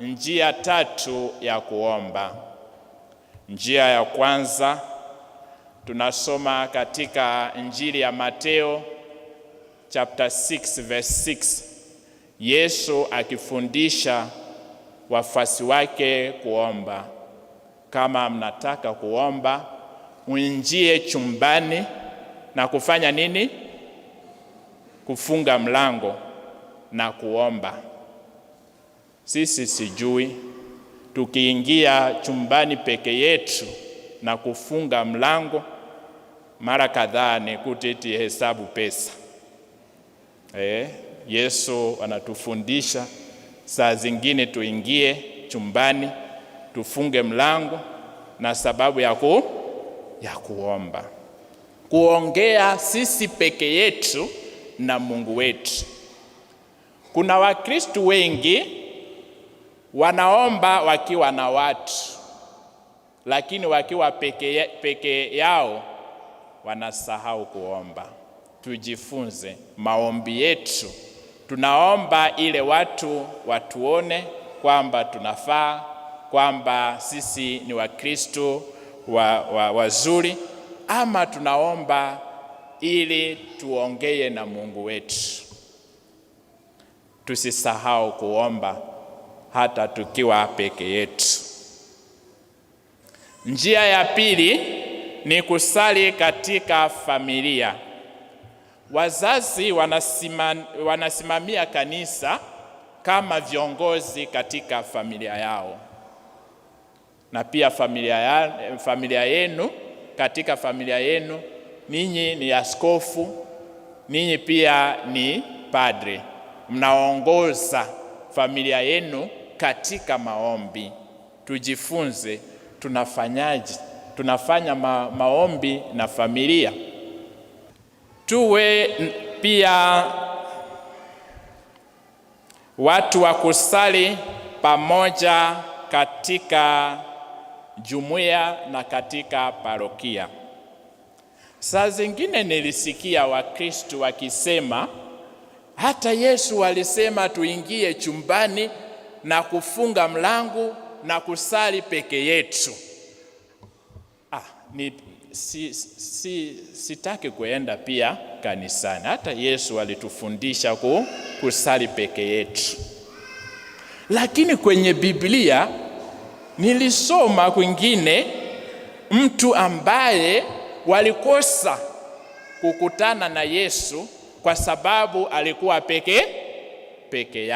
njia tatu ya kuomba. Njia ya kwanza tunasoma katika Injili ya Mateo chapter 6 verse 6, Yesu akifundisha wafuasi wake kuomba, kama mnataka kuomba mwinjie chumbani na kufanya nini? Kufunga mlango na kuomba. Sisi sijui, tukiingia chumbani peke yetu na kufunga mlango mara kadhaa ni kutiti hesabu pesa eh. Yesu anatufundisha saa zingine tuingie chumbani tufunge mlango na sababu ya, ku, ya kuomba kuongea sisi peke yetu na Mungu wetu. Kuna Wakristo wengi Wanaomba wakiwa na watu, lakini wakiwa peke, peke yao wanasahau kuomba. Tujifunze maombi yetu, tunaomba ile watu watuone kwamba tunafaa, kwamba sisi ni Wakristo wazuri wa, wazuri, ama tunaomba ili tuongee na Mungu wetu. Tusisahau kuomba hata tukiwa peke yetu. Njia ya pili ni kusali katika familia. Wazazi wanasima, wanasimamia kanisa kama viongozi katika familia yao na pia familia, ya, familia yenu katika familia yenu ninyi ni askofu, ninyi pia ni padre, mnaongoza familia yenu katika maombi, tujifunze tunafanyaje, tunafanya ma, maombi na familia. Tuwe pia watu wa kusali pamoja katika jumuiya na katika parokia. Saa zingine nilisikia Wakristo wakisema hata Yesu alisema tuingie chumbani na kufunga mlango na kusali peke yetu. Ah, ni si, si, sitaki kuenda pia kanisani. Hata Yesu alitufundisha ku, kusali peke yetu, lakini kwenye Biblia nilisoma kwingine mtu ambaye walikosa kukutana na Yesu kwa sababu alikuwa peke peke yake.